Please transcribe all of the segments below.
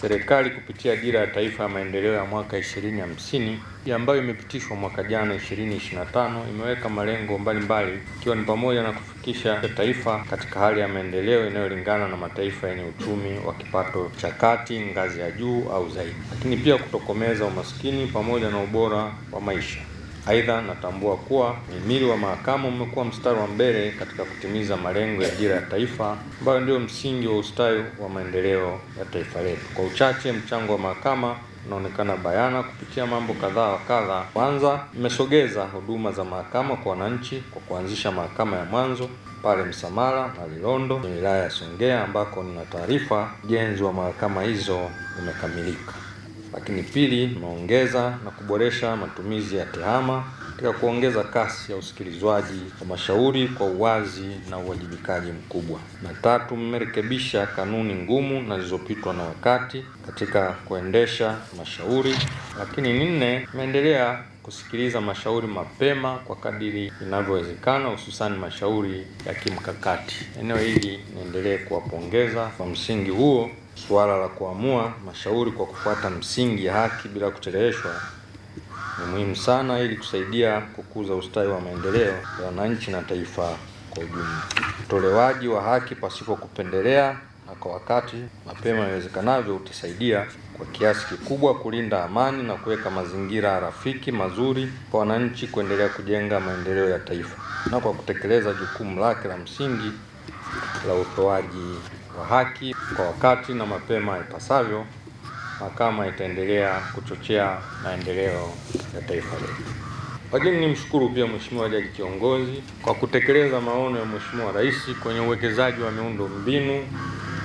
serikali kupitia dira ya taifa ya maendeleo ya mwaka 2050 ambayo imepitishwa mwaka jana 2025 imeweka malengo mbalimbali ikiwa ni pamoja na kufikisha taifa katika hali ya maendeleo inayolingana na mataifa yenye uchumi wa kipato cha kati ngazi ya juu au zaidi, lakini pia kutokomeza umaskini pamoja na ubora wa maisha. Aidha, natambua kuwa mhimili wa mahakama umekuwa mstari wa mbele katika kutimiza malengo ya ajira ya taifa ambayo ndio msingi wa ustawi wa maendeleo ya taifa letu. Kwa uchache, mchango wa mahakama unaonekana bayana kupitia mambo kadhaa wa kadha. Kwanza, imesogeza huduma za mahakama kwa wananchi kwa kuanzisha mahakama ya mwanzo pale Msamala na Lilondo wilaya ya Songea ambako nina taarifa ujenzi wa mahakama hizo umekamilika. Lakini pili, tumeongeza na kuboresha matumizi ya tehama katika kuongeza kasi ya usikilizwaji wa mashauri kwa uwazi na uwajibikaji mkubwa. Na tatu, mmerekebisha kanuni ngumu na zilizopitwa na wakati katika kuendesha mashauri. Lakini nne, mmeendelea kusikiliza mashauri mapema kwa kadiri inavyowezekana, hususani mashauri ya kimkakati. Eneo hili niendelee kuwapongeza kwa msingi huo suala la kuamua mashauri kwa kufuata msingi ya haki bila kucheleweshwa ni muhimu sana ili kusaidia kukuza ustawi wa maendeleo ya wananchi na taifa kwa ujumla. Utolewaji wa haki pasipo kupendelea na kwa wakati mapema iwezekanavyo utasaidia kwa kiasi kikubwa kulinda amani na kuweka mazingira rafiki mazuri kwa wananchi kuendelea kujenga maendeleo ya taifa na kwa kutekeleza jukumu lake la msingi la utoaji kwa haki, kwa wakati na mapema ipasavyo, mahakama itaendelea kuchochea maendeleo ya taifa letu. Lakini nimshukuru pia Mheshimiwa Jaji Kiongozi kwa kutekeleza maono ya Mheshimiwa Rais kwenye uwekezaji wa miundo mbinu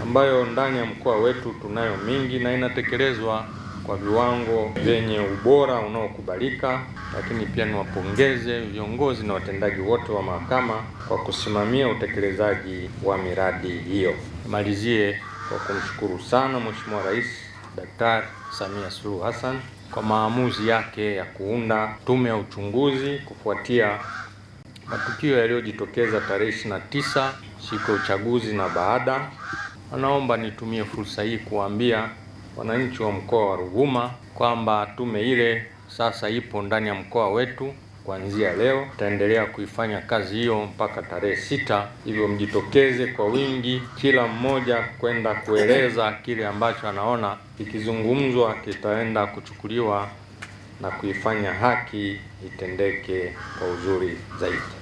ambayo ndani ya mkoa wetu tunayo mingi na inatekelezwa kwa viwango vyenye ubora unaokubalika, lakini pia niwapongeze viongozi na watendaji wote wa mahakama kwa kusimamia utekelezaji wa miradi hiyo. Malizie kwa kumshukuru sana Mheshimiwa Rais Daktari Samia Suluhu Hassan kwa maamuzi yake ya kuunda tume ya uchunguzi kufuatia matukio yaliyojitokeza tarehe 29 siku ya uchaguzi na baada. anaomba nitumie fursa hii kuambia wananchi wa mkoa wa Ruvuma kwamba tume ile sasa ipo ndani ya mkoa wetu kuanzia leo. Tutaendelea kuifanya kazi hiyo mpaka tarehe sita, hivyo mjitokeze kwa wingi, kila mmoja kwenda kueleza kile ambacho anaona ikizungumzwa kitaenda kuchukuliwa na kuifanya haki itendeke kwa uzuri zaidi.